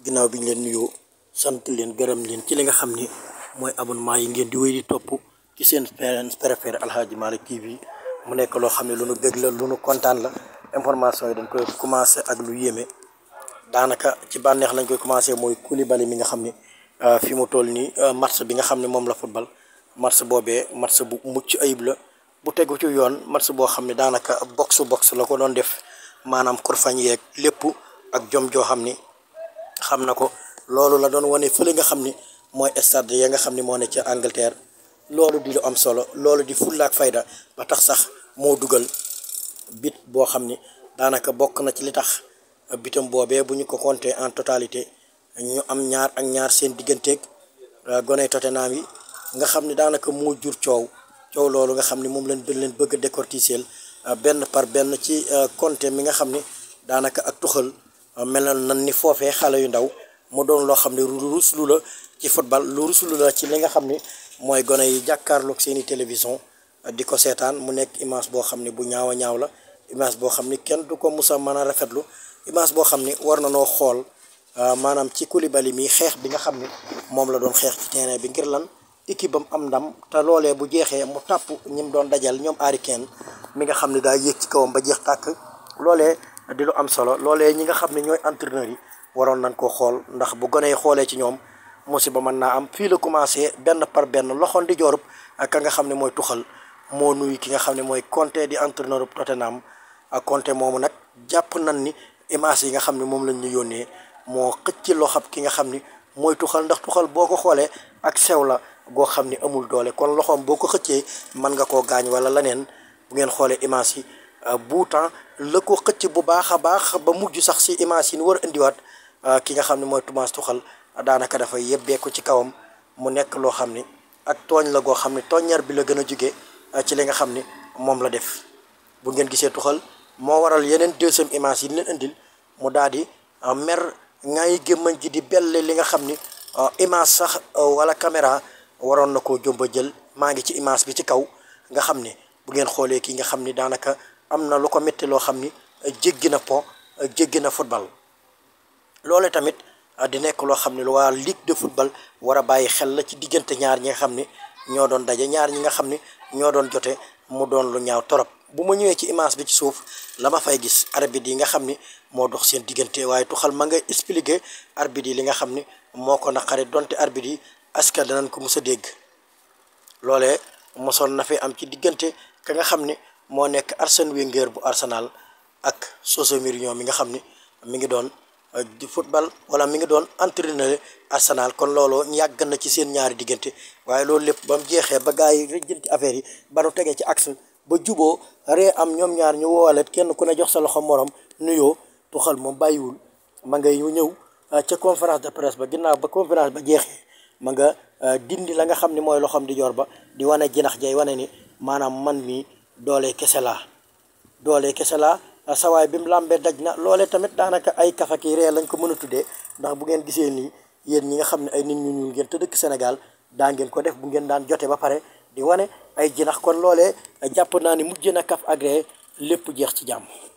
ginnaaw bi ñu leen nuyoo sant leen gërëm leen ci li nga xam ni mooy abonnement yi ngeen di wéy di topp ci seen préféré Aladji Malick TV mu nekk loo xam ne lu nu bëgg la lu nu kontaan la information yi dañ koy commencé ak lu yéeme daanaka ci bànneex lañ koy commencé mooy Koulibaly mi nga xam ne euh, fi mu toll nii euh, match bi nga xam ne moom la football match boobee match bu mucc ayib la bu tegu ci yoon match boo xam ne daanaka box box la ko doon def maanaam kurfañ yeeg lépp ak jom joo xam ni xam na ko loolu la doon wane fële nga xam ni mooy stade ya nga xam ni moo ne ca Angleterre loolu di lu am solo loolu di fullaak fayda ba tax sax moo dugal bit boo xam ni daanaka bokk na ci li tax bitam boobee bu ñu ko compter en totalité ñu am ñaar ak ñaar seen digganteeg euh, goney Tottenham yi nga xam ni daanaka moo jur coow coow loolu nga xam ni moom lañ leen bëgg a décortiquer euh, benn par benn ci euh, compter mi nga xam ni daanaka ak tuxal Euh, meloon nan ni foofee xale yu ndaw mu doon loo xam ne lu ruslu la ci football lu ruslu la ci li nga xam ni mooy gone yi jàkkaarloog seeni télévision euh, di ko seetaan mu nekk image boo xam ne bu ñaaw a ñaaw la image boo xam ni kenn du ko musa mën a rafetlu image boo xam ni war na noo xool euh, maanaam ci Koulibaly mii xeex bi nga xam ni moom la doon xeex ci terrain bi ngir lan équipe bam am ndam te loolee bu jeexee mu tàpp ñim doon dajal ñoom Harry Kane mi nga xam ne daa ci kawam ba jeex tàkk loolee di lu am solo loolee ñi nga xam ne ñooy entraîneurs yi waroon nañ koo xool ndax bu gone yi xoolee ci ñoom musiba mën naa am fii la commencé benn par benn loxoon di joorub ak ka nga xam ne mooy tuxal moo nuyu ki nga xam ne mooy Conte di entraîneur bu Tottenham ak Conte moomu nag jàpp nañ ni image yi nga xam ne moom lañ ñu yónnee moo xëcc loo xam ki nga xam ni mooy tuxal ndax tuxal boo ko xoolee ak sew la goo xam ni amul doole kon loxoom boo ko xëccee mën nga koo gaañ wala leneen bu ngeen xoolee image yi Euh, Bhoutan la ko xëcc bu baax a baax ba mujj sax si image yi ñu war a indiwaat euh, ki nga xam ne mooy Thomas Tuchel daanaka dafay yebbeeku ci kawam mu nekk loo xam ni ak tooñ la goo xam ne tooñar bi la gën a jóge euh, ci li nga xam ni moom la def bu ngeen gisee Tuchel moo waral yeneen deuxième image yi leen indil mu daal di mer ngay gémmañ gi di bell li nga xam ni image sax wala caméra waroon na ko jomba jël maa ngi ci image bi ci kaw nga xam ne bu ngeen xoolee kii nga xam ni daanaka am na lu ko métti loo xam ni eh, jéggi na po eh, jéggi na football loole tamit eh, di nekk loo xam ne lu waa ligue de football war bàyyi xel la ci diggante ñaar ñi nga xam ni ñoo doon daje ñaar ñi nga xam ni ñoo doon jote mu doon lu ñaaw torop bu ma ñëwee ci image bi ci suuf la ma fay gis arbitre yi nga xam ni moo dox seen diggante waaye tuxal ma nga expliqué arbitre yi li nga xam ni moo ko naqare donte arbitre yi askan danañ ko mos a dégg loole mosoon na am ci diggante ka nga xam ni moo nekk Arsène Wenger bu Arsenal ak José Mourinho mi nga xam ni mi ngi doon euh, di football wala mi ngi doon entraîneur Arsenal kon looloo yàgg na ci seen ñaari diggante waaye loolu lépp ba mu jeexee ba gars yi jël ci affaire yi ba nu tegee ci axe ba juboo ree am ñoom ñaar ñu woowalet kenn ku ne jox sa loxo moroom nuyoo tuxal moom bàyyiwul ma ngay ñu ñëw euh, ca conférence de presse ba ginnaaw ba conférence ba jeexee ma nga euh, dindi la nga xam ne mooy loxoom di joor ba di wane jinax jay wane ni maanaam man mii doole kese laa doole kese laa sawaay bi mu làmbee daj na loole tamit daanaka ay kafaki ree lañ ko mën a tuddee ndax bu ngeen gisee nii yéen ñi nga xam ne ay nit ñu ñuul ngeen te dëkk Sénégal daa ngeen ko def bu ngeen daan jotee ba pare di wane ay jinax kon loolee jàpp naa ni mujj na kaf agré lépp jeex ci jàmm